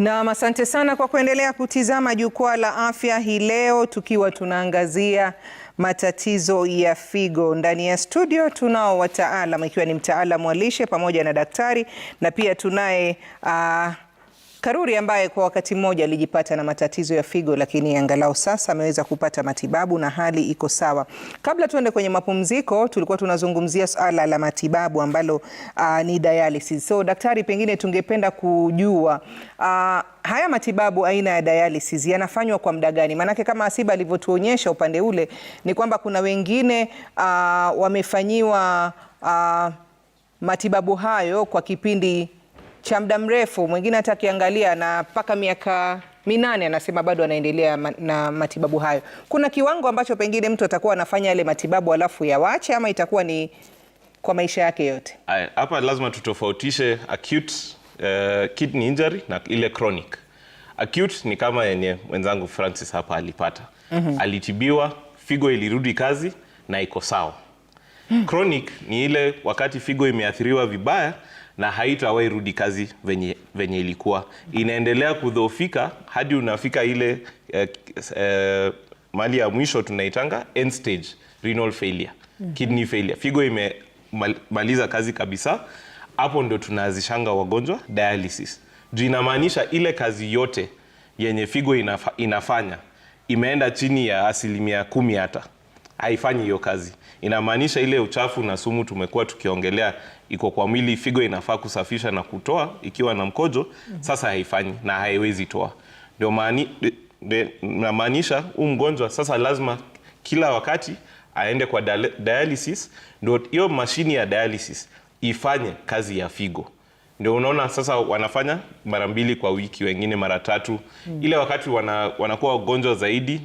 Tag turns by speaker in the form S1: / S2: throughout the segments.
S1: Naam, asante sana kwa kuendelea kutizama Jukwaa la Afya hii leo, tukiwa tunaangazia matatizo ya figo. Ndani ya studio tunao wataalam, ikiwa ni mtaalamu wa lishe pamoja na daktari, na pia tunaye uh, Karuri ambaye kwa wakati mmoja alijipata na matatizo ya figo lakini angalau sasa ameweza kupata matibabu na hali iko sawa. Kabla tuende kwenye mapumziko, tulikuwa tunazungumzia swala la matibabu ambalo uh, ni dialysis. So daktari, pengine tungependa kujua uh, haya matibabu aina ya dialysis yanafanywa kwa muda gani? Maanake kama Asiba alivyotuonyesha upande ule ni kwamba kuna wengine uh, wamefanyiwa uh, matibabu hayo kwa kipindi cha muda mrefu, mwingine hata akiangalia na mpaka miaka minane anasema bado anaendelea na matibabu hayo. Kuna kiwango ambacho pengine mtu atakuwa anafanya yale matibabu alafu yawache, ama itakuwa ni kwa maisha yake yote?
S2: Hapa lazima tutofautishe acute uh, kidney injury na ile chronic. Acute ni kama yenye mwenzangu Francis hapa alipata. mm -hmm. Alitibiwa, figo ilirudi kazi na iko sawa. mm -hmm. Chronic ni ile wakati figo imeathiriwa vibaya na haitawai rudi kazi venye, venye ilikuwa. Inaendelea kudhoofika hadi unafika ile eh, eh, mali ya mwisho tunaitanga end stage renal failure, mm-hmm. kidney failure, figo imemaliza kazi kabisa. Hapo ndo tunazishanga wagonjwa dialysis, juu inamaanisha ile kazi yote yenye figo inafanya imeenda chini ya asilimia kumi hata haifanyi hiyo kazi. Inamaanisha ile uchafu na sumu tumekuwa tukiongelea iko kwa mwili, figo inafaa kusafisha na kutoa ikiwa na mkojo mm -hmm. Sasa haifanyi na haiwezi toa, ndio namaanisha huu mgonjwa sasa lazima kila wakati aende kwa dialysis, ndio hiyo mashini ya dialysis ifanye kazi ya figo. Ndio unaona sasa wanafanya mara mbili kwa wiki, wengine mara tatu mm. Ile wakati wana, wanakuwa wagonjwa zaidi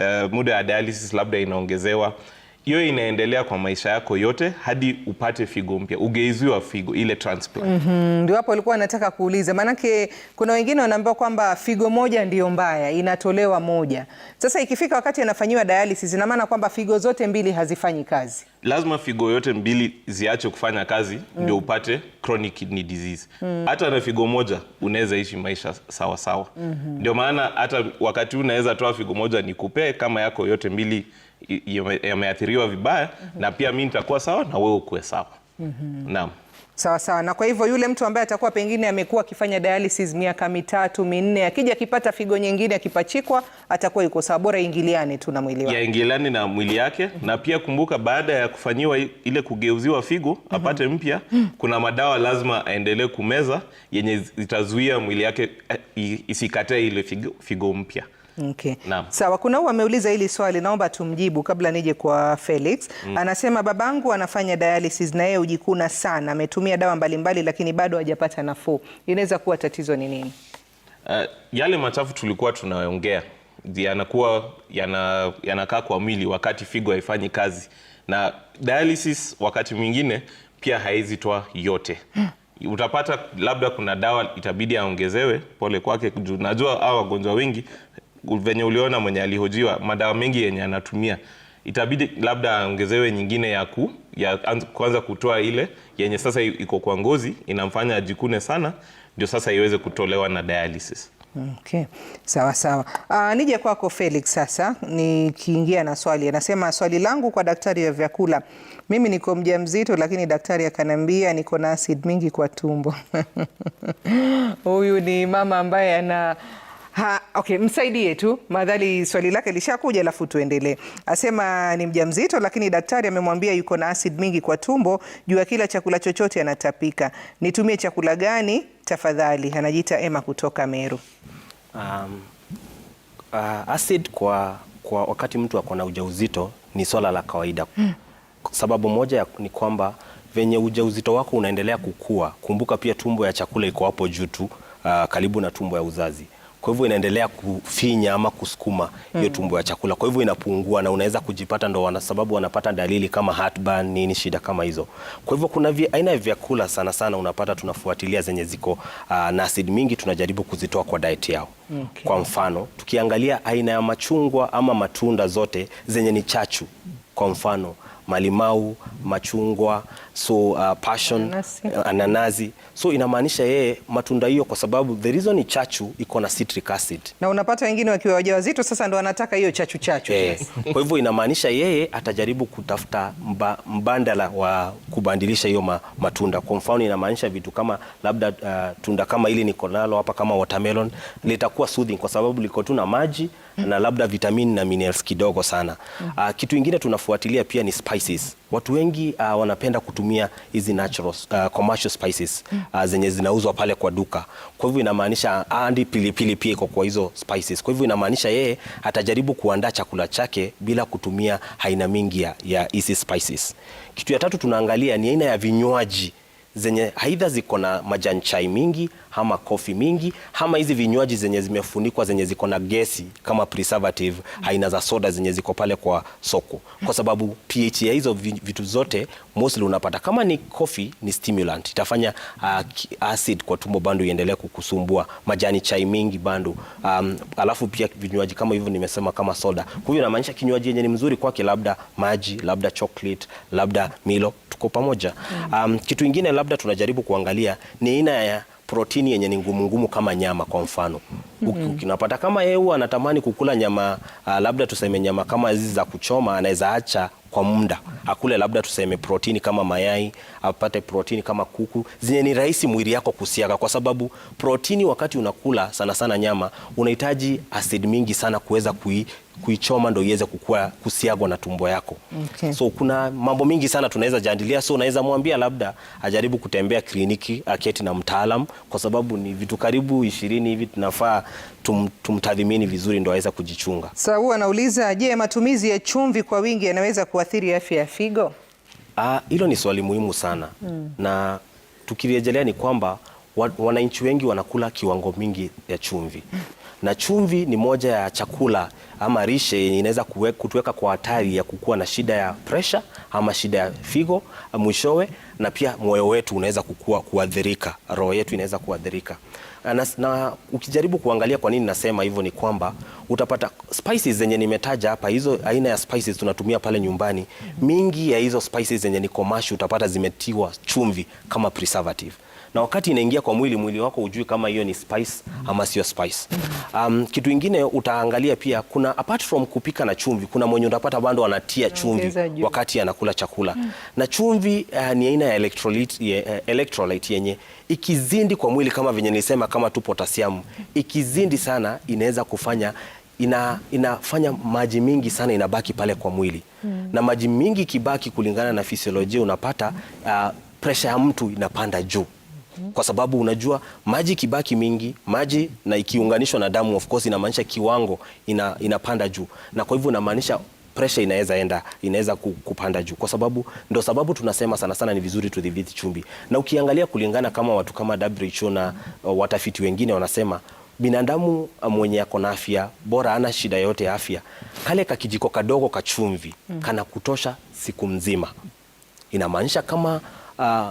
S2: uh, muda ya dialysis labda inaongezewa hiyo inaendelea kwa maisha yako yote hadi upate figo mpya, ugeiziwa figo ile transplant. mm -hmm.
S1: Ndio hapo alikuwa anataka kuuliza, maanake kuna wengine wanaambiwa kwamba figo moja ndiyo mbaya, inatolewa moja. Sasa ikifika wakati anafanyiwa dialysis, ina maana kwamba figo zote mbili hazifanyi kazi.
S2: Lazima figo yote mbili ziache kufanya kazi mm. ndio upate chronic kidney disease mm. hata na figo moja unaweza ishi maisha sawa sawa. mm -hmm. Ndio maana hata wakati unaweza toa figo moja nikupee kama yako yote mbili yameathiriwa vibaya mm -hmm. na pia mimi nitakuwa sawa na wewe ukuwe sawa
S1: mm -hmm. Naam. Sawa sawa. Na kwa hivyo yule mtu ambaye atakuwa pengine amekuwa akifanya dialysis miaka mitatu minne, akija akipata figo nyingine akipachikwa, atakuwa yuko sawa, bora ingiliane tu na mwili
S2: wake, ingiliane na mwili yake. Na pia kumbuka, baada ya kufanyiwa ile kugeuziwa figo apate mpya, kuna madawa lazima aendelee kumeza yenye zitazuia mwili yake eh, isikatae ile figo, figo mpya.
S1: Okay. Naam. Sawa, kuna huyu ameuliza hili swali, naomba tumjibu kabla nije kwa Felix. Mm. Anasema babangu anafanya dialysis na yeye hujikuna sana, ametumia dawa mbalimbali mbali, lakini bado hajapata nafuu. Inaweza kuwa tatizo ni nini?
S2: Uh, yale machafu tulikuwa tunaongea yanakuwa yanakaa kwa mwili wakati figo haifanyi kazi, na dialysis wakati mwingine pia haizi toa yote. mm. Utapata labda kuna dawa itabidi aongezewe, pole kwake. Najua hao wagonjwa wengi venye uliona mwenye alihojiwa, madawa mengi yenye anatumia itabidi labda aongezewe nyingine ya ku ya kwanza kutoa ile yenye sasa iko kwa ngozi inamfanya ajikune sana, ndio sasa iweze kutolewa na dialysis.
S1: Okay. Sawa sawa. Uh, nije kwako Felix sasa nikiingia na swali. Anasema swali langu kwa daktari wa vyakula. Mimi niko mjamzito lakini daktari akanambia niko na acid mingi kwa tumbo. Huyu ni mama ambaye ana Ha, okay, msaidie tu madhali swali lake lishakuja, alafu tuendelee. Asema ni mjamzito, lakini daktari amemwambia yuko na acid mingi kwa tumbo, juu ya kila chakula chochote anatapika. Nitumie chakula gani tafadhali? Anajiita Emma kutoka Meru. Um,
S3: uh, acid kwa, kwa wakati mtu ako na ujauzito ni swala la kawaida hmm. Sababu moja ni kwamba venye ujauzito wako unaendelea kukua, kumbuka pia tumbo ya chakula iko hapo juu tu, uh, karibu na tumbo ya uzazi kwa hivyo inaendelea kufinya ama kusukuma hiyo mm. tumbo ya chakula, kwa hivyo inapungua na unaweza kujipata ndo wana sababu wanapata dalili kama heartburn nini, shida kama hizo. Kwa hivyo kuna aina ya vyakula sana sana unapata tunafuatilia zenye ziko uh, na acid mingi, tunajaribu kuzitoa kwa diet yao. Okay. Kwa mfano tukiangalia aina ya machungwa ama matunda zote zenye ni chachu, kwa mfano malimau, machungwa, so uh, passion, ananasi, ananasi. So inamaanisha yeye matunda hiyo, kwa sababu the reason ni chachu iko na citric acid,
S1: na unapata wengine wakiwa wajawazito sasa ndo wanataka hiyo chachu chachu Yes.
S3: Eh, kwa hivyo inamaanisha yeye atajaribu kutafuta mba, mbandala wa kubandilisha hiyo ma, matunda. Kwa mfano inamaanisha vitu kama labda uh, tunda kama ili niko nalo hapa kama watermelon litakuwa soothing kwa sababu liko tu na maji na labda vitamini na minerals kidogo sana. Uh, kitu ingine tunafuatilia pia ni spices. Watu wengi uh, wanapenda kutumia hizi natural uh, ah, commercial spices uh, zenye zinauzwa pale kwa duka. Kwa hivyo inamaanisha hadi pilipili pia iko kwa hizo spices. Kwa hivyo inamaanisha yeye atajaribu kuandaa chakula chake bila kutumia aina mingi ya hizi spices. Kitu ya tatu tunaangalia ni aina ya vinywaji zenye aidha ziko na majani chai mingi ama kofi mingi ama hizi vinywaji zenye zimefunikwa zenye ziko na gesi kama preservative, aina za soda zenye ziko pale kwa soko, kwa sababu pH ya hizo vitu zote mostly unapata kama ni kofi ni stimulant, itafanya uh, acid kwa tumbo bando iendelee kukusumbua. Majani chai mingi bando um, alafu pia vinywaji kama hivyo nimesema kama soda, huyu inamaanisha kinywaji yenye ni mzuri kwake, labda maji, labda chocolate, labda Milo tuko pamoja mm. Um, kitu ingine labda tunajaribu kuangalia ni aina ya protini yenye ni ngumu ngumu kama nyama kwa mfano mm -hmm. Ukinapata kama yeye huwa anatamani kukula nyama uh, labda tuseme nyama kama hizi za kuchoma, anaweza acha kwa muda akule labda tuseme protini kama mayai, apate protini kama kuku zenye ni rahisi mwili yako kusiaga, kwa sababu protini wakati unakula sana sana nyama unahitaji asidi mingi sana kuweza kui, kuichoma ndo iweze kukua kusiagwa na tumbo yako. Okay. So kuna mambo mingi sana tunaweza jadilia, so unaweza mwambia labda ajaribu kutembea kliniki, aketi na mtaalam, kwa sababu ni vitu karibu ishirini hivi tunafaa tum, tumtathimini vizuri ndo aweza kujichunga.
S1: Sasa huwa anauliza, je, matumizi ya chumvi kwa wingi yanaweza kuathiri afya ya figo?
S3: Ah, hilo ni swali muhimu sana mm. na tukirejelea ni kwamba wananchi wengi wanakula kiwango mingi ya chumvi na chumvi ni moja ya chakula ama rishe inaweza kutuweka kwa hatari ya kukua na shida ya presha ama shida ya figo mwishowe, na pia moyo wetu unaweza kukua kuadhirika, roho yetu inaweza kuadhirika. Na, na ukijaribu kuangalia kwa nini nasema hivyo ni kwamba utapata spices zenye nimetaja hapa, hizo aina ya spices tunatumia pale nyumbani, mingi ya hizo spices zenye ni commercial utapata zimetiwa chumvi kama preservative na wakati inaingia kwa mwili, mwili wako ujui kama hiyo ni spice ama sio spice. Um, kitu ingine utaangalia pia, kuna apart from kupika na chumvi, kuna mwenye utapata bando anatia chumvi wakati anakula chakula hmm. na chumvi uh, ni aina ya electrolyte, ye, uh, electrolyte yenye ikizindi kwa mwili kama venye nilisema, kama tu potasiamu ikizindi sana inaweza kufanya ina, inafanya maji mingi sana inabaki pale kwa mwili mm. Na maji mingi kibaki kulingana na fisiolojia, unapata uh, presha ya mtu inapanda juu. mm kwa sababu unajua maji kibaki mingi maji na ikiunganishwa na damu of course inamaanisha kiwango ina, inapanda juu, na kwa hivyo inamaanisha pressure inaweza enda inaweza kupanda juu, kwa sababu ndo sababu tunasema sana sana ni vizuri tudhibiti chumbi na ukiangalia kulingana kama watu kama WHO na uh, watafiti wengine wanasema binadamu uh, mwenye ako na afya bora, ana shida yote afya, kale kakijiko kadogo kachumvi mm. kana kutosha siku mzima, inamaanisha kama uh,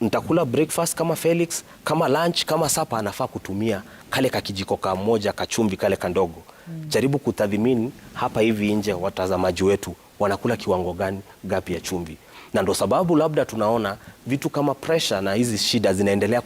S3: nitakula breakfast kama Felix, kama lunch, kama sapa, anafaa kutumia kale kakijiko kamoja kachumbi kale kandogo. Mm. Jaribu kutathimini hapa hivi nje, watazamaji wetu wanakula kiwango gani gapi ya chumvi, na ndo sababu labda tunaona vitu kama pressure na hizi shida zinaendelea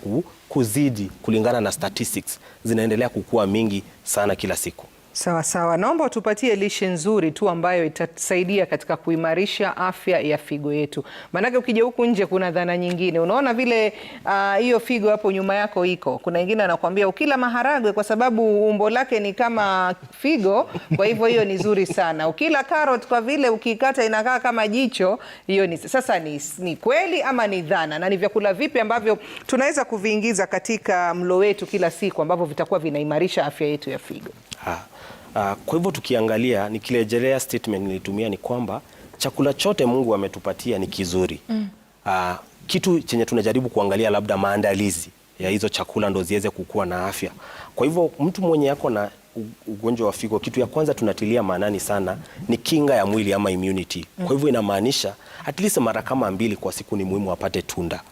S3: kuzidi kulingana na statistics, zinaendelea kukua mingi sana kila siku.
S1: Sawa sawa, naomba utupatie lishe nzuri tu ambayo itasaidia katika kuimarisha afya ya figo yetu, maanake ukija huku nje kuna dhana nyingine. Unaona vile ah, hiyo uh, figo hapo nyuma yako iko, kuna wengine anakuambia ukila maharagwe, kwa sababu umbo lake ni kama figo, kwa hivyo hiyo ni nzuri sana. Ukila carrot, kwa vile ukikata inakaa kama jicho, hiyo ni sasa. Ni, ni kweli ama ni dhana? Na ni vyakula vipi ambavyo tunaweza kuviingiza katika mlo wetu kila siku ambavyo vitakuwa vinaimarisha afya yetu ya figo?
S3: Ha. Ah, ah, ha. Kwa hivyo tukiangalia, nikirejelea statement nilitumia ni kwamba chakula chote Mungu ametupatia ni kizuri mm. Ha. Ah, kitu chenye tunajaribu kuangalia labda maandalizi ya hizo chakula ndo ziweze kukua na afya. Kwa hivyo mtu mwenye yako na ugonjwa wa figo, kitu ya kwanza tunatilia maanani sana ni kinga ya mwili ama immunity. Mm. Kwa hivyo inamaanisha at least mara kama mbili kwa siku ni muhimu apate tunda.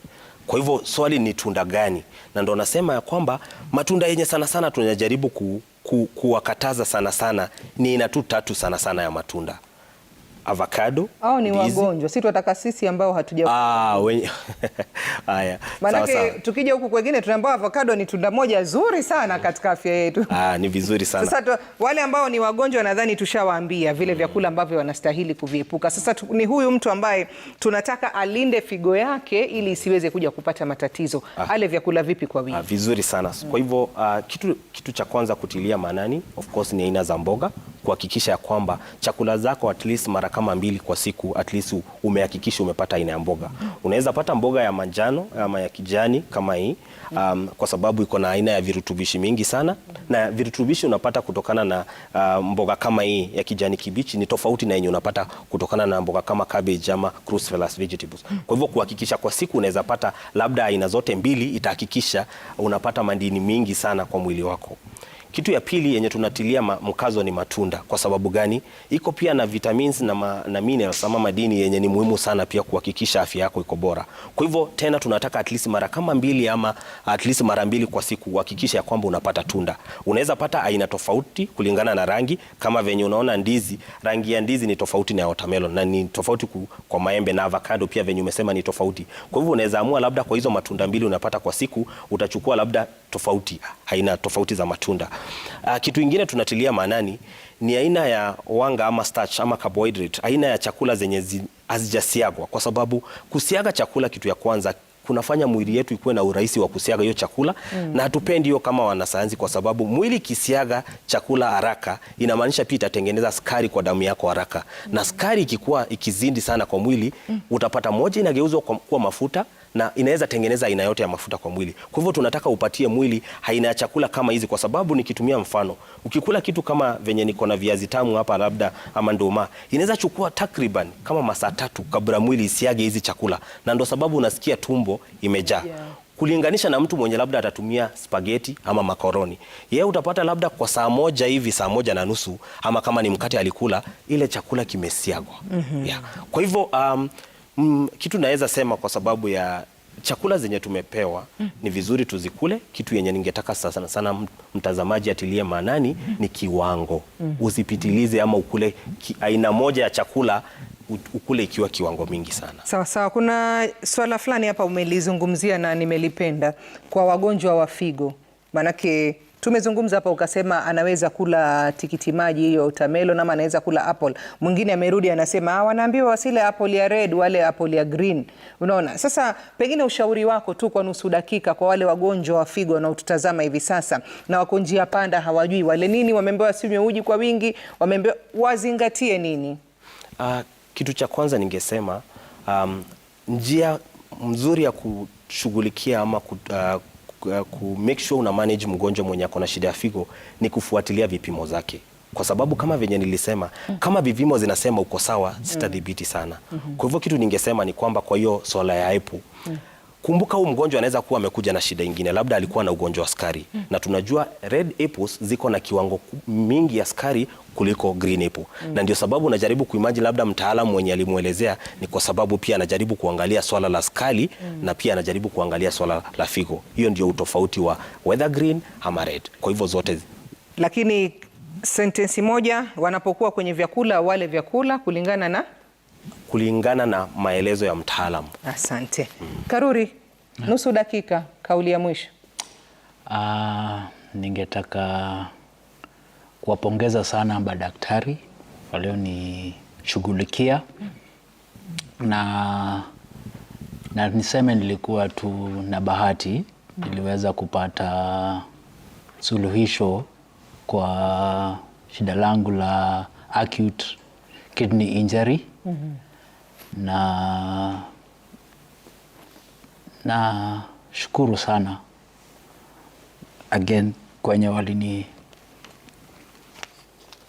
S3: Kwa hivyo swali ni tunda gani? Na ndo nasema ya kwamba matunda yenye sana sana tunajaribu ku ku, kuwakataza sana sana ni aina tu tatu sana sana ya matunda avocado.
S1: Au ni wagonjwa, si tunataka sisi ambao hatuja.
S3: Ah, wenye
S1: haya. Maanake tukija huku kwengine tunaambiwa avocado ni tunda moja zuri sana katika afya yetu.
S3: Ah, ni vizuri sana. Sasa
S1: wale ambao ni wagonjwa nadhani tushawaambia vile mm. vyakula ambavyo wanastahili kuviepuka. Sasa tu, ni huyu mtu ambaye tunataka alinde figo yake ili isiweze kuja kupata matatizo. Ah. Ale vyakula vipi kwa ah, wingi? Ah,
S3: vizuri sana. Mm. Kwa hivyo ah, kitu, kitu cha kwanza kutilia maanani of course ni aina za mboga kuhakikisha ya kwamba chakula zako at least mara kama mbili kwa siku, at least umehakikisha umepata aina ya mboga. Unaweza pata mboga ya manjano ama ya kijani kama hii um, kwa sababu iko na aina ya virutubishi mingi sana, na virutubishi unapata kutokana na uh, mboga kama hii ya kijani kibichi ni tofauti na yenye unapata kutokana na mboga kama cabbage ama cruciferous vegetables. Kwa hivyo kuhakikisha kwa siku unaweza pata labda aina zote mbili, itahakikisha unapata madini mingi sana kwa mwili wako. Kitu ya pili yenye tunatilia mkazo ni matunda. Kwa sababu gani? Iko pia na vitamins na, ma, na minerals ama madini yenye ni muhimu sana pia kuhakikisha afya yako iko bora. Kwa hivyo tena tunataka at least mara kama mbili ama at least mara mbili kwa siku kuhakikisha ya kwamba unapata tunda. Unaweza pata aina tofauti kulingana na rangi, kama venye unaona ndizi, rangi ya ndizi ni tofauti na watermelon na ni tofauti ku, kwa maembe na avocado pia venye umesema ni tofauti. Kwa hivyo unaweza amua labda kwa hizo matunda mbili unapata kwa siku utachukua labda tofauti aina tofauti za matunda. Uh, kitu ingine tunatilia maanani ni aina ya wanga ama starch ama carbohydrate, aina ya chakula zenye hazijasiagwa, kwa sababu kusiaga chakula, kitu ya kwanza kunafanya mwili yetu ikuwe na urahisi wa kusiaga hiyo chakula mm. Na hatupendi hiyo kama wanasayansi, kwa sababu mwili ikisiaga chakula haraka inamaanisha pia itatengeneza sukari kwa damu yako haraka mm. Na sukari ikikuwa ikizindi sana kwa mwili mm. Utapata moja inageuzwa kuwa mafuta na inaweza tengeneza aina yote ya mafuta kwa mwili. Kwa hivyo tunataka upatie mwili aina ya chakula kama hizi, kwa sababu nikitumia mfano, ukikula kitu kama venye niko na viazi tamu hapa labda ama nduma, inaweza chukua takriban kama masaa tatu kabla mwili isiage hizi chakula, na ndo sababu unasikia tumbo imejaa yeah kulinganisha na mtu mwenye labda atatumia spageti ama makoroni, yeye utapata labda kwa saa moja hivi, saa moja na nusu, ama kama ni mkate alikula, ile chakula kimesiagwa. mm -hmm. yeah. kwa hivyo um, mm, kitu naweza sema kwa sababu ya chakula zenye tumepewa mm. Ni vizuri tuzikule. Kitu yenye ningetaka sana sana mtazamaji atilie maanani mm. ni kiwango mm. Usipitilize ama ukule ki, aina moja ya chakula ukule ikiwa kiwango mingi sana.
S1: Sawa sawa. Kuna swala fulani hapa umelizungumzia na nimelipenda kwa wagonjwa wa figo, maanake Tumezungumza hapa ukasema anaweza kula tikiti maji hiyo utamelo, ama anaweza kula apple. Mwingine amerudi anasema ah, wanaambiwa wasile apple ya red wale apple ya green. Unaona? Sasa pengine ushauri wako tu kwa nusu dakika kwa wale wagonjwa wa figo wanaotutazama hivi sasa na wako njia panda hawajui wale nini, wameambiwa wasinywe uji kwa wingi, wameambiwa wazingatie nini?
S3: Uh, kitu cha kwanza ningesema um, njia mzuri ya kushughulikia ama kut, uh, Uh, ku make sure una manage mgonjwa mwenye ako na shida ya figo ni kufuatilia vipimo zake kwa sababu kama venye nilisema mm -hmm. kama vipimo zinasema uko sawa, mm. sitadhibiti sana mm -hmm. Kwa hivyo kitu ningesema ni kwamba kwa hiyo swala ya epu mm -hmm. Kumbuka huu mgonjwa anaweza kuwa amekuja na shida ingine labda alikuwa na ugonjwa wa sukari mm. na tunajua red apples ziko na kiwango mingi ya sukari kuliko green apple mm. na ndio sababu najaribu kuimagine labda mtaalamu mwenye alimwelezea ni kwa sababu pia anajaribu kuangalia swala la sukari mm. na pia anajaribu kuangalia swala la figo. Hiyo ndio utofauti wa whether green ama red, kwa hivyo zote
S1: lakini sentensi moja wanapokuwa kwenye vyakula wale vyakula kulingana na
S3: kulingana na maelezo ya mtaalamu.
S1: Asante. Mm. Karuri, nusu dakika, kauli ya mwisho.
S4: Uh, ningetaka kuwapongeza sana madaktari walionishughulikia na, na niseme nilikuwa tu na bahati niliweza kupata suluhisho kwa shida langu la acute kidney injury mm -hmm. na na shukuru sana again kwenye walini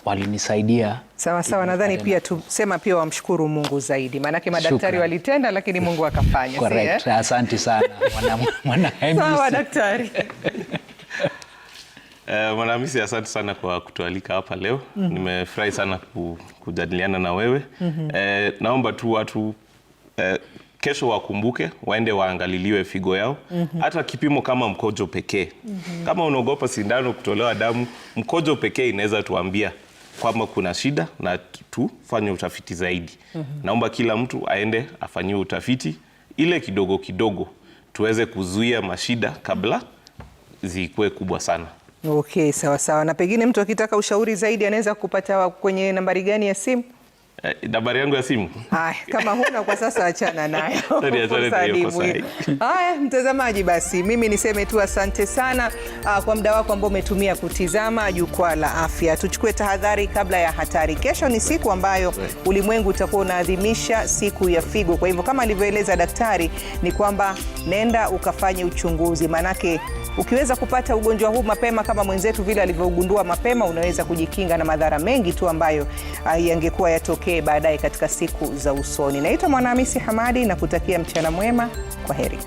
S4: walinisaidia
S1: sawa sawa. Nadhani pia tusema pia wamshukuru Mungu zaidi, maanake madaktari walitenda, lakini Mungu akafanya.
S4: Eh? asante sana
S1: mwana, mwana sawa daktari
S2: Uh, asante sana kwa kutualika hapa leo. mm -hmm. Nimefurahi sana ku, kujadiliana na wewe. mm -hmm. Uh, naomba tu watu uh, kesho wakumbuke waende waangaliliwe figo yao mm -hmm. Hata kipimo kama mkojo pekee mm -hmm. Kama unaogopa sindano kutolewa damu, mkojo pekee inaweza tuambia kwamba kuna shida na tufanye utafiti zaidi. mm -hmm. Naomba kila mtu aende afanyiwe utafiti ile kidogo kidogo, tuweze kuzuia mashida kabla zikuwe kubwa sana.
S1: Okay, sawa sawa. Na pengine mtu akitaka ushauri zaidi anaweza kupata kwenye nambari gani ya simu?
S2: Eh, nambari yangu ya simu.
S1: Haya, kama huna kwa sasa achana nayo. Haya, mtazamaji, basi mimi niseme tu asante sana uh, kwa muda wako ambao umetumia kutizama jukwaa la afya. Tuchukue tahadhari kabla ya hatari. Kesho ni siku ambayo ulimwengu utakuwa unaadhimisha siku ya figo. Kwa hivyo kama alivyoeleza daktari ni kwamba nenda ukafanye uchunguzi, maanake ukiweza kupata ugonjwa huu mapema kama mwenzetu vile alivyogundua mapema, unaweza kujikinga na madhara mengi tu ambayo uh, yangekuwa yatokea pekee baadaye katika siku za usoni. Naitwa Mwanahamisi Hamadi na kutakia mchana mwema. Kwa heri.